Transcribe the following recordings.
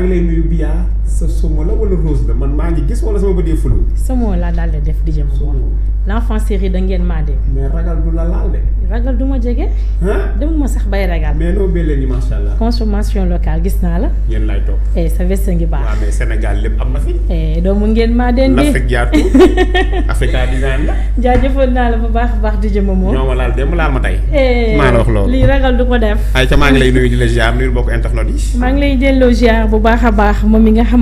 Haile Mubia sa la wala rose la man maa gis wala sama bëdee fulu Somo. laa daal def di jëm sumo l' enfant série da ngeen maa dem mais ragal du la laal de ragal du ma jege demu sax bay ragal mais noo belle ni macha consommation locale gis naa la yéen lay eh sa veste ngi baax waaw mais Sénégal am na fi eh doomu ngeen maa den de l'Afrique yaatu Africa design la jaajëfoon naa la bu baax baax di jëm moom ñoo ma dem ma eh maa wax loolu lii ragal du def ay ca maa ngi lay nuyu di la ziar nuyu mbokk internet yi maa ngi lay bu baax mi nga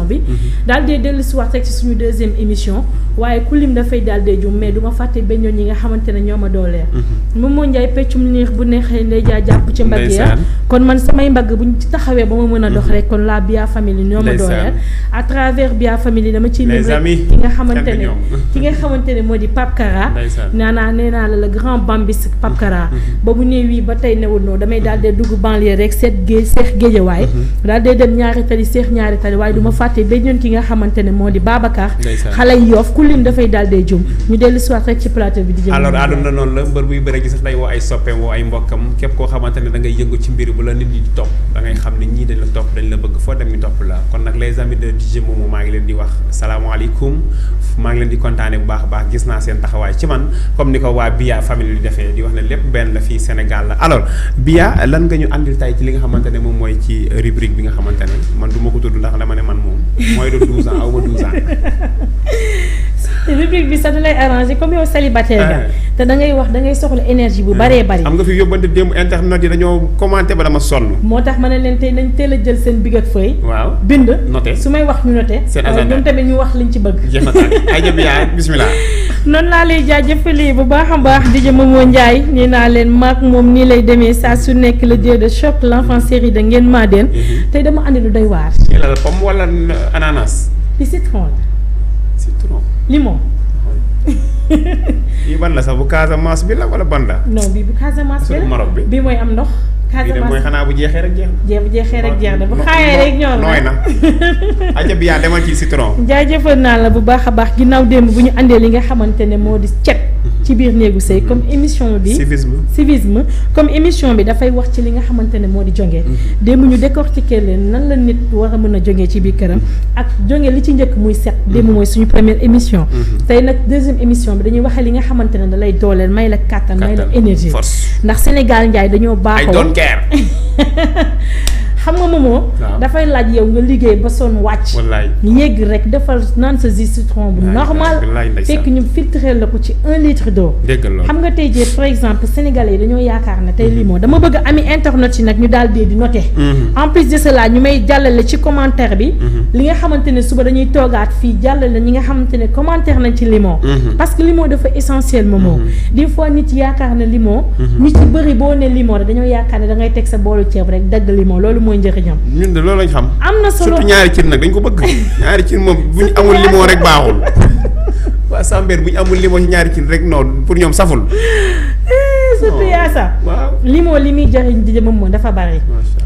émission bi. daal di dellusi wax rek ci suñu deuxième émission waye ku da fay daal di jum mais duma faté fàtte benn yoon nga xamante ñoma ñoo ma mo moom moo njaay peccum neex bu neexee ndey ja japp ci mbagg ya kon man samay mbag buñ ci taxawé ba ma mëna dox mhm. rek kon la Bia Family ñoma ma dooleel. à travers Bia Family dama ci lim ki nga xamante ne ki nga xamante modi moo di Pape Kara. nee naa la le grand bambis Pape Kara. Mhm. Mhm. ba bu nee ba tay newul no damay daal di dugg banlieue rek seet géej seex géejawaay daal di dem ñaari tali seex ñaari tali waye du fàtte benn ki nga xamante ne moo di Babacar xale yoof ku lim dafay daal dee jum ñu dellu siwaat rek ci plateau bi di jëm alors àdduna noonu la mbër buy bëre koo xamante ne da ngay ci mbir bu la nit ñi di topp da ngay dem ñu topp la kon nag les amis de DJ Momo maa ngi leen di bu baax a baax gis naa seen taxawaay ci man comme ni ko waa Biya famille di defee di wax ne lépp benn la fii Sénégal la alors Biya lan nga ñu àndil tay ci li nga xamante ne moom mooy ci rubrique bi nga xamante ne man du ko tudd ndax dama ne man moins de douze ans aw ma douze ans. rubrique bi sax da lay arrangé comme yow célibataire nga eh. te dangay wax da ngay soxla énergie bu baree eh. bëri am nga fi yóbbante démb internet yi dañoo commenté ba dama sonn moo tax ma ne leen tey nañ teel a jël seen big ak feuille waaw bind noté su may wax ñu noté ñun tamit ñu wax liñ ci bëgg jeex na ay jëm yaa bismillah noonu laa lay jaajëfalee bu baax a baax di jë Momo Ndiaye nee naa leen maak moom nii lay demee saa su nekk la dieu de choc l'enfant série de ngeen maa deen tey dama andi lu doy waar la pomme wala ananas bi c'est trop. limon. bii ban la sax bu Casamance bi la wala ban la. non bii bu Casamance bi la Maroc bi bi mooy am ndox. Casamance bu jeexee rek jeex bu jeexee rek jeex na bu xaayee rek ñor na nooy na aja yaa demal ci citron jaajëfal naa la bu baax a baax ginnaaw démb bu ñu àndee li nga xamante ne moo di cet ci biir néegu sëy comme mm-hmm. émission bi civisme comme émission bi dafay wax ci li nga xamante ne moo di jonge mm-hmm. démb ñu ci décortiquer leen nan la nit war a mën a jógee ci biir këram ak jonge li ci njëkk muy set démb mm-hmm. mooy suñu première émission tey nag deuxième émission bi dañuy waxee li nga xamante ne da lay dooleel may la kàttan may la énergie force ndax Sénégal Ndiaye dañoo baaxoo. I xam nga moomoo dafay laaj yow nga liggéey ba sonn wàcc yëgg rek defal naan sa jus citron normal fekk ñu filtré la ko ci un litre d'eau xam nga tey jii par exemple sénégalais yi dañoo yaakaar ne limon mhm. dama bëgg ami internet yi nag ñu daal di noté mhm. en plus de cela ñu may dalle ci commentaire bi mhm. li nga xamante ne suba dañuy toogaat fii jàllale ñi nga xamante ne commentaire nañ ci limon parce que limon dafa essentiel moomoo des fois nit yaakaar carnet limon ñu ci bëri boo ne limon dañoo yaakaar ne da ngay teg sa boolu ceeb rek dagg limon loolu mooy njëriñam. ñun de loolu lañ xam. am na solo surtout ñaari cin nag dañ ko bëgg. ñaari cin moom bu ñu amul limon rek baaxul. waa Samber bu ñu amul limon ñaari cin rek non pour ñoom saful. Eh, surtout yaasa. waaw limon li muy jëriñ di moom dafa bari.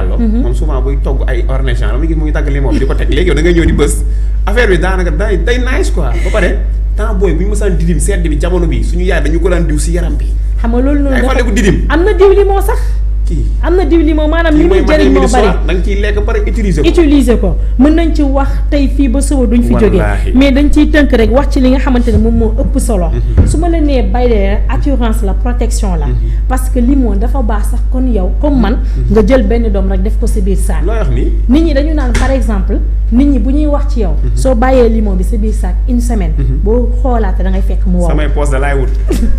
Diallo. Mhm. moom souvent buy togg ay ornechan la muy gis muy tàgg limon bi di ko teg léegi yow da ngay ñëw di bës affaire bi daanaka day day nice quoi ba pare temps booy bu ñu mësaan didim sedd bi jamono bi suñu yaay dañu ko daan diw si yaram bi. xam nga loolu noonu dafa ay didim am na diw limon sax. kii am na diw li moom maanaam li muy jëriñ moo bari da nga ciy lekk pare utiliser ko utiliser ko mën nañ ci wax tey fii ba suba duñ fi jóge mais dañ ciy tënk rek wax ci li nga xamante ne moom moo ëpp solo mm-hmm. su ma la nee baylee atturance la protection la mm-hmm. parce que limon dafa baax sax kon yow comme man mm-hmm. nga jël benn doom rek def ko sa biir saak nit ñi dañu naan par exemple nit ñi bu ñuy wax ci yow soo bàyyee limon bi sa biir saak une semaine boo xoolaate da ngay fekk mu wow samay poos da laay wut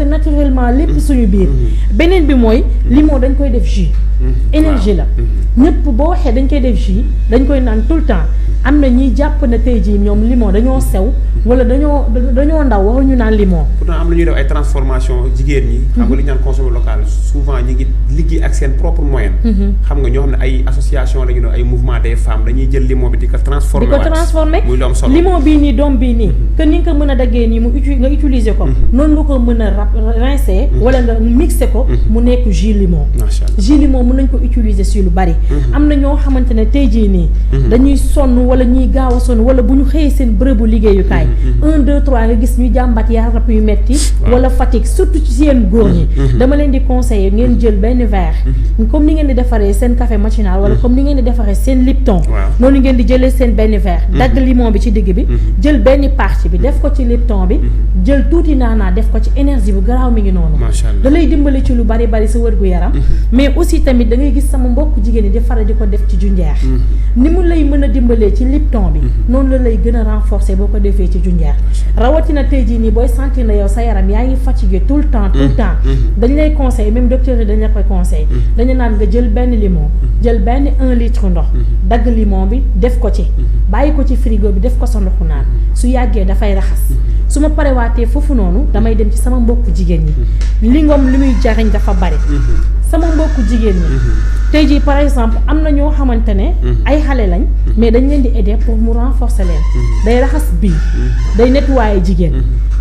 te naturellement lépp suñu biir mhm. beneen bi mooy mhm. limon dañ koy def jus mhm. énergie la ñëpp boo waxee dañ koy def jus dañ koy naan tout le temps am na ñuy jàpp na tey jii limon dañoo sew wala dañoo dañoo ndaw waruñu naan limon pourtant am na ñuy def ay transformation jigéen ñi xam nga li ñu naan consommer local souvent ñi ngi liggéey ak seen propre moyen xam nga ñoo xam ne ay association la ñu doon ay mouvement des femmes dañuy jël limon bi di ko transformer di transformer limon bii nii doom bii nii que ni nga ko mën a daggee mu utiliser ko non nga ko mën a rincé mhm. wala nga mixé ko mhm. mu nek jus limon mën nañ ko utiliser bari mhm. am dañuy sonn wala ñi gaaw sonn un deux trois nga gis ñu yu metti wala fatigue surtout ci seen dama leen di conseiller ngeen jël ben verre comme ni ngeen di défaré seen café matinal wala comme ni ngeen di défaré seen lipton ngeen di seen verre limon bi ci bi jël partie bi def ko ci lipton bi jël touti def ko ci ji bu garaaw mi ngi noonu da lay dimbale ci lu bari bari sa wërgu yaram mhm. mais aussi tamit da ngay gis sama mbokk jigéen ñi di faral di def ci junjeex mhm. ni mu lay mën dimbalé ci lipton bi mhm. non la lay gëna renforcer boko ko defee ci junjeex rawatina tey jii nii booy sentir na yow sa yaram ya ngi fatigué tout le temps tout temps dañ lay conseil même docteur yi dañ la koy conseil dañu naan nga jël ben limon jël ben 1 litre ndox dag limon bi def ko ci bayiko ci frigo bi def ko sa ndoxu naan su da fay raxas su ma parewaatee foofu noonu damay dem ci sama mbokku jigéen ñi mm-hmm. li li muy jariñ dafa bari mm-hmm. sama mbokku jigéen ñi mm-hmm. tey jii par exemple am na ñoo xamante ne ay xale lañ mais dañ leen di aider pour mu renforcer leen day raxas bii day nettoyer jigéen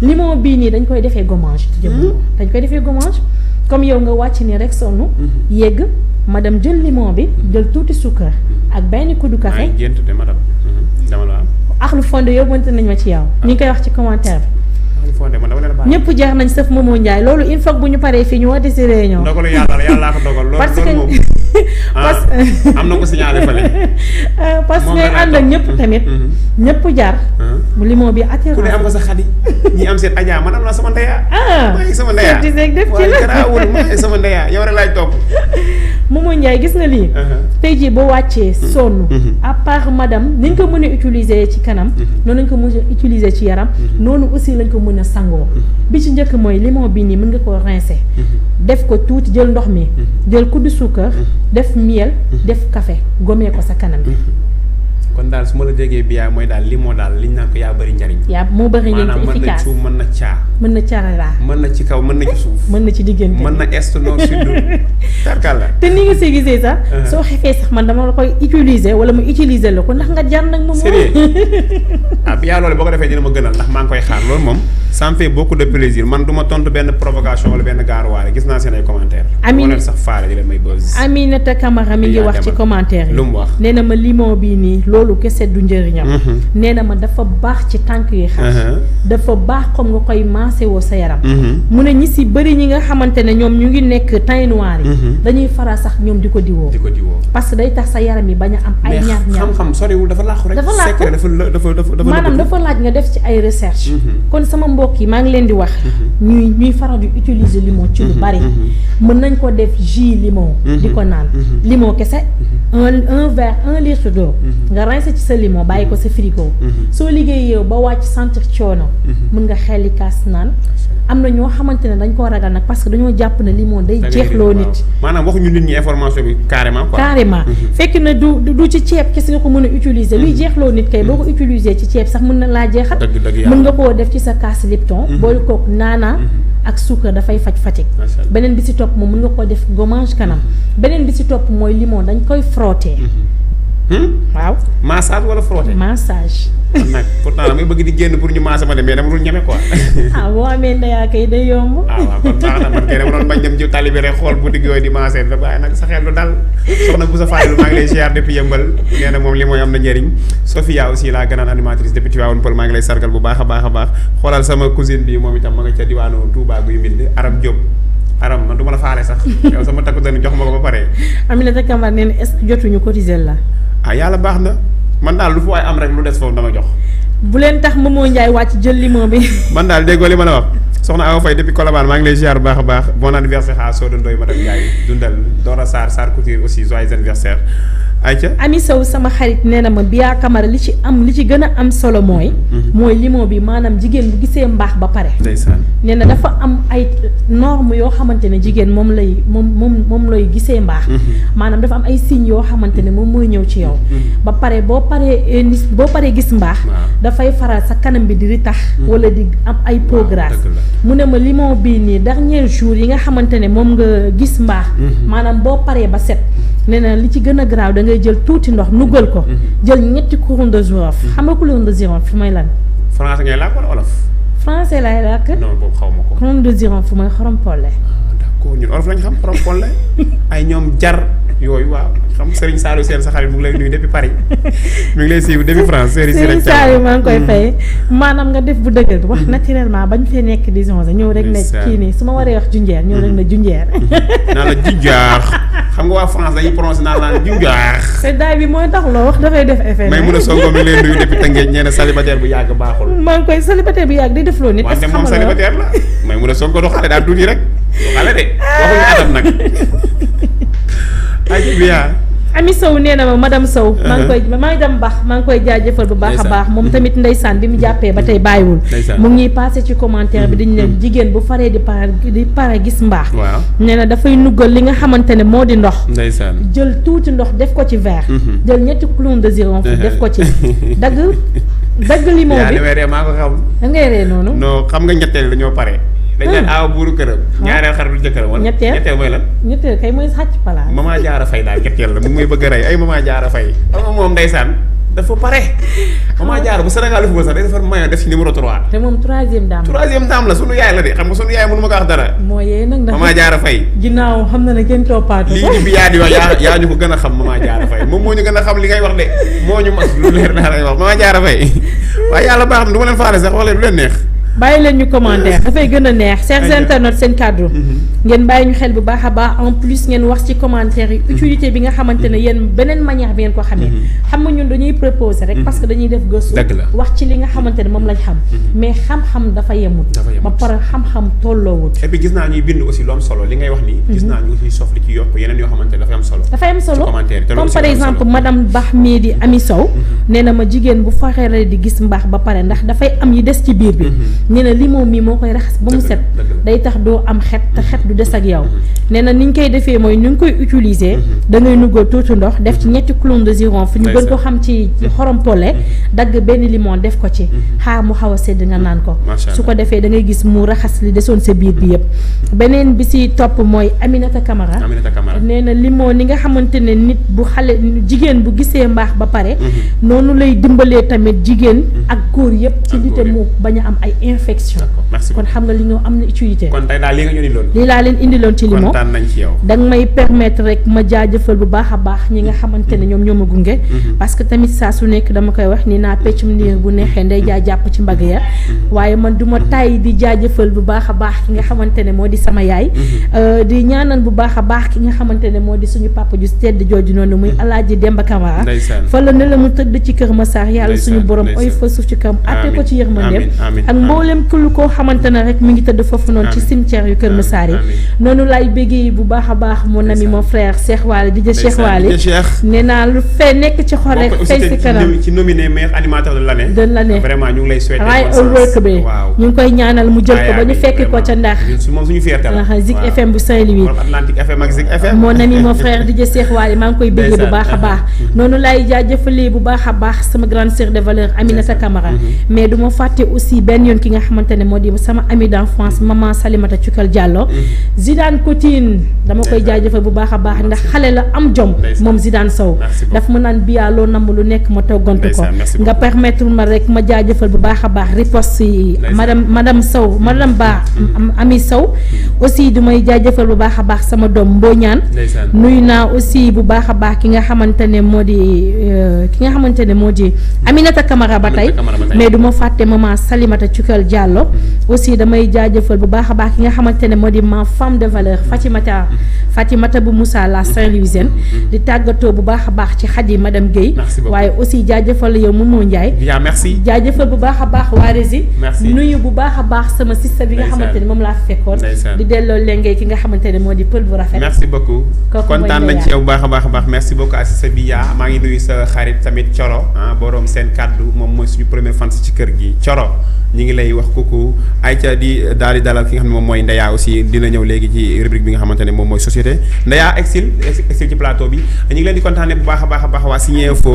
limon bii nii dañ koy defee gommage jëm dañ koy defee gommage comme yow nga wàcc nii rek sonn yegg dem jël limon bi jël tuuti suukar ak benn kuddu café gént axlu fonde yóbbu wante nañ ma ci yow. ñu ngi koy wax ci commentaire bi. ñëpp jeex nañ sëf Momo Ndiaye loolu il faut bu ñu paree fii ñu woote si Ah, parce am na ko signalé fële euh, parce que ànd ak ñëpp tamit. Mm-hmm. Mm-hmm. ñëpp jaar. Ah. limon bi attiré ku ne am nga sa xadi ñi am seen ajaa man sama ndeya. Ah, maa ngi sama ndeya def ci Momo Ndiaye gis nga lii. Uh-huh. tey jii boo wàccee mm-hmm. sonn. à part madame ni nga ko mën a utiliser ci kanam. noonu lañ ko mën a utiliser ci yaram. noonu aussi lañ ko mën a sangoo. bi ci njëkk mooy limon bi nii mën nga koo rincer. def ko tuuti jël ndox mi. jël kuddu suukar. def miel mhm. def kafe gomee ko sa kanam bi kon daal su ma la déggee biyaay mooy daal li moo daal liñ naan ko yaa bëri njariñ. yaa moo bëri njariñ maanaam na suuf man na caa. mën na caa na ci kaw mën na ci suuf. mën na la te ni nga see gisee sax. Uh-huh. soo xefee sax man dama la koy utiliser wala ma utiliser la ko ndax nga jar nag. moom sérieux ah biyaa loolu boo ko defee dina ma gënal ndax maa ngi koy xaar loolu moom. ça me fait de plaisir man du ma tontu benn provocation wala benn gaaruwaale gis naa seen ay commentaires. commentaire yi lu mu wax ma limon bii nii loolu kessé du njëriñam. Mhm. nee néna ma dafa bax ci tank yi xar. Mhm. dafa bax comme nga koy maase wo sa yaram. Mhm. mu ñi ci bëri ñi nga xamante ne ñoom ñu ngi nekk teint noir yi. dañuy fara sax ñom diko diwo diwoo. di parce que day tax sa yaram yi bañ am. ay ñaar ñaar mais xam-xam soriwul dafa laax rek. dafa laax dafa dafa dafa maanaam dafa laaj nga def ci ay recherche. kon sama mbokk yi maa ngi leen di wax. ñuy ñuy faral di utiliser limon ci lu bari. mën nañ ko def jus limon. diko ko naan limon kessé un un verre un litre d'eau nga commencé ci sa limon bàyyi mhm. ko sa frigo. Mhm. soo liggéey yow ba wàcc sentir coono. mën mhm. nga xelli kaas naan. am na ñoo xamante ne dañ koo ragal nag parce que dañoo jàpp ne limon day. jeexloo nit maanaam waxuñu nit ñi information bi carrément quoi. carrément fekk na du du ci ceeb kese nga ko mën a utiliser. luy jeexloo nit kay boo ko utiliser ci ceeb sax mën na laa jeexal. mën nga koo def ci sa kaas lipton. bool kook naanaa. ak suukar dafay faj fatigue beneen bi si topp moom mën nga koo def gommage kanam beneen bi si topp mooy limon dañ koy frotter. Hmm? waaw massage wala frotté massage kon pourtant damay bëgg di génn pour ñu massé ma dem mais dama dul ñeme quoi ah boo amee ndeyaa day yomb ah kon man dama bañ dem ci tali rek xool boutique di massé da waaye nag sa xel lu dal soxna bu sa fàllu maa ngi lay ziar depuis yëmbal li am na Sophia aussi laa gënaan animatrice depuis Tivaouane Pël maa ngi lay sargal bu baax a baax a sama cousine bi moom itam ma nga ca diwaanu Touba guy mbind Arab Diop aram man du la sax yow sama takku dana jox ma ba pare Aminata Camara est-ce cotiser la ah yàlla baax na man daal lu fa waay am rek lu des foofu dama jox. bu leen tax Momo Ndiaye wàcc jël limon bi. man daal déggoo li ma la wax soxna Awa Faye depuis Colobane maa ngi lay ziar baax a baax bon anniversaire à Soda Ndoye madame Ndiaye dundal Dora Sarr Sarr Couture aussi joyeux anniversaire. ayca Ami Sow sama xarit nee na ma Bia Camara li ci am li ci gën a am solo mooy. Mhm. mooy limon bi maanaam jigéen bu gisee mbaax ba pare. ndeysaan nee na dafa am ay normes yoo xamante ne jigéen moom lay moom moom moom lay gisee mbaax. Mhm. maanaam dafa am ay signes yoo xamante ne moom mooy ñëw ci yow. Mhm. ba pare boo paree eh, boo paree gis mbaax. dafay faral sa kanam bi di ritax. wala di am ay progrès. mu ne ma limon bii nii dernier jour yi nga xamante ne moom nga gis mbaax. maanaam boo paree ba set nee li ci gën a garaaw da ngay jël tuuti ndox nugal ko. Mhm. jël ñetti couronne de girofle. Mhm. xam nga couronne de girofle may lan. français ngay làkk wala olof. français laay làkk. non boobu xaw ma ko. couronne de girofle mooy xorom polle. Ah, d'accord ñun olof lañ xam xorom polle ay ñoom jar. yooyu waaw xam Serigne Saliou seen sa xarit mu ngi lay nuyu depuis Paris mu ngi lay siiw depuis France. Serigne Saliou maa ngi koy hmm. fay maanaam nga def bu dëgër wax hmm. naturellement bañ fee nekk di jonge ñëw rek ne kii nii su ma waree wax junjeer ñëw rek ne hmm. junjeer. xam nga waa France dañuy prononcé naa la junjaar. te daay bi mooy tax loo wax dafay def effet. may mun a soog a mi ngi lay nuyu depuis Tëngéej ñeena célibataire bu yàgg baaxul. maa ngi koy célibataire bu yàgg day def loo nit. est xam nga la may mun a soog a doxale daal tuuti rek doxale de waxuñu atam nag ak Ami Sow nee na ma uh-huh. dem Sow. ma ngi koy madame baax maa ngi koy jaajëfal bu baax a baax. moom tamit ndeysaan bi mu jàppee ba tey bàyyiwul. mu ngi passé ci commentaire bi dañ ne mm-hmm. jigéen bu faree di pare di pare gis mbaax. waaw nee na dafay nuggal li nga xamante ne moo di ndox. ndeysaan jël tuuti ndox def ko ci verre. Mm-hmm. jël ñetti clon de girofle uh-huh. def ko ci dagg dagg limon bi yaa damay ree da ngay ree noonu. non xam nga ñetteel dañoo pare. dañ naan hmm. aaw buuru këram ah. ñaareel xaritu jëkkëram wala ñetteel ñetteel mooy lan ñetteel kay fay daal la mu bëgg a rey ay maman fay ama moom ndeysaan dafa pare maman ah. jaara bu Sénégal lu fubal sax day defar maillot def ci numéro 3 te moom troisième dame troisième moo yee nag ndax maman xam na ne kenn toppaatu lii di wax yaa yaa ñu ko gën a xam maman jaara moom moo gën a li ngay wax de moo ñu mas lu leer naa lay wax maman jaara fay waaye yàlla baax na du ma leen faale sax wax leen lu leen neex bàyyi leen ñu commentaire dafay gën a neex chers internautes seen kàddu mhm. ngeen bàyyi ñu xel bu baax a baax en plus ngeen wax ci commentaire yi mhm. utilité bi nga xamante ne mhm. yéen beneen manière bi ngeen ko xamee xam nga ñun dañuy proposer rek parce que dañuy def gëstu wax ci li nga xamante ne moom lañ xam mais xam-xam dafa yemut ba pare xam-xam tolloowut et gis naa ñuy bind aussi lu am solo li ngay wax nii gis naa ñu aussi sof ci yokk yeneen yoo xamante ne dafay am solo dafay am solo comme par exemple madame Bax mii di Ami Sow nee na jigéen bu faree di gis mbaax ba pare ndax dafay am yi des ci biir bi nee na limon mii moo koy raxas ba mu set day tax doo am xet te xet du des ak yow nee na ni koy defee mooy ni ñu koy utiliser da ngay nuggoo tuuti ndox def ci ñetti clone de fu ñu gën ko xam ci xorom pole dagg benn limon def ko ci xaar mu xaw a sedd nga naan ko su ko defee da ngay gis mu raxas li desoon sa biir bi yëpp beneen bi si topp mooy Aminata Camara nee na limon ni nga xamante ne nit bu xale jigéen bu gisee mbaax ba pare mhm. noonu lay dimbalee tamit jigéen mhm. ak góor yëpp ci nite mu bañ am ay perfection. merci kon xam nga li ñoo am na utilité. kon tey lii laa leen indiloon ci limon kontaan may permettre rek ma jaa jaajëfal bu baax a baax ñi nga mm-hmm. xamante ne ñoom ñoo ma gunge. Mm-hmm. parce que tamit saa su nekk dama koy wax ni naa peccum niir bu neexee ndey jaa jàpp ci mbagg ya. Mm-hmm. waaye man du ma tay di jëfal bu baax a baax ki nga xamante ne moo di sama yaay. Euh, di ñaanal bu baax a baax ki nga xamante ne moo di suñu papa ju tedd jooju noonu muy Alaaji ji Camara. fa la ne la mu tëdd ci kër Massar yàlla suñu borom oy fa suuf ci mboolem ku ko xamante rek mi ngi tëdd fofu non ci cimetière yu keur massari nonu lay laay bu baax a baax mon ami mon frère Cheikh Waly dj Cheikh Waly néna lu fee nek ci xol rek fay si kanam ci nominé meilleur animateur de l'année de l'année vraiment ñu ngi lay souhaiter raay ëllëg bi ñu koy ñaanal mu jël ko ba ñu fekk ko ci ndax moom suñu fierté la Zik FM bu Saint-Louis Atlantique FM ak Zik FM mon ami mon frère dj Cheikh Waly ma ngi koy béggee bu baax a baax noonu laay jaajëfalee bu baax a baax sama grande sœur de valeur Aminata Camara mm-hmm. mais duma faté aussi ben yon ki ki nga xamante ne moo di sama ami d'enfance maman Salimata Cukal mm-hmm. koy jaajëfal bu baax a baax ndax xale la am jom moom Zidane Sow daf ma naan biyaa loo namm lu nekk ma toggantu ko nga permettre ma rek ma jaajëfal bu baax a baax riposte yi madame madame Sow madame Ba mm-hmm. ami saw mm-hmm. aussi du may jaajëfal bu baax a baax sama doom Mbooñaan nuyu naa aussi bu baax a baax ki nga xamante ne moo di euh, ki nga xamante ne moo di Aminata Camara ba tey mais du ma fàtte maman Salimata Cukal jaajëfal Diallo aussi damay jaajëfal bu baax a baax ki nga xamante ne moo di ma femme de valeur Fatimata Fatimata bu Moussa la Saint-Louisienne di tàggatoo bu baax a baax ci xaj yi madame Guèye waaye aussi jaajëfal yow Momo Ndiaye merci jaajëfal bu baax a baax waa Rési nuyu bu baax a baax sama sista bi nga xamante ne moom laa fekkoon di delloo lengee ki nga xamante ne moo di pël bu rafet merci beaucoup kontaan nañ ci yow bu baax a baax a baax merci beaucoup Assisa bi yaa maa ngi nuyu sa xarit tamit Coro ah borom seen kàddu moom mooy suñu premier fan ci kër gi Coro ñu ngi lay yi wax kooku ayca di daal di dalal ki nga xam ne moom mooy Ndeya aussi dina ñëw léegi ci rubrique bi nga xamante moom mooy société Ndeya exil exil ci plateau bi ñu ngi leen di kontaane bu baax a baax a baax waa Signé Info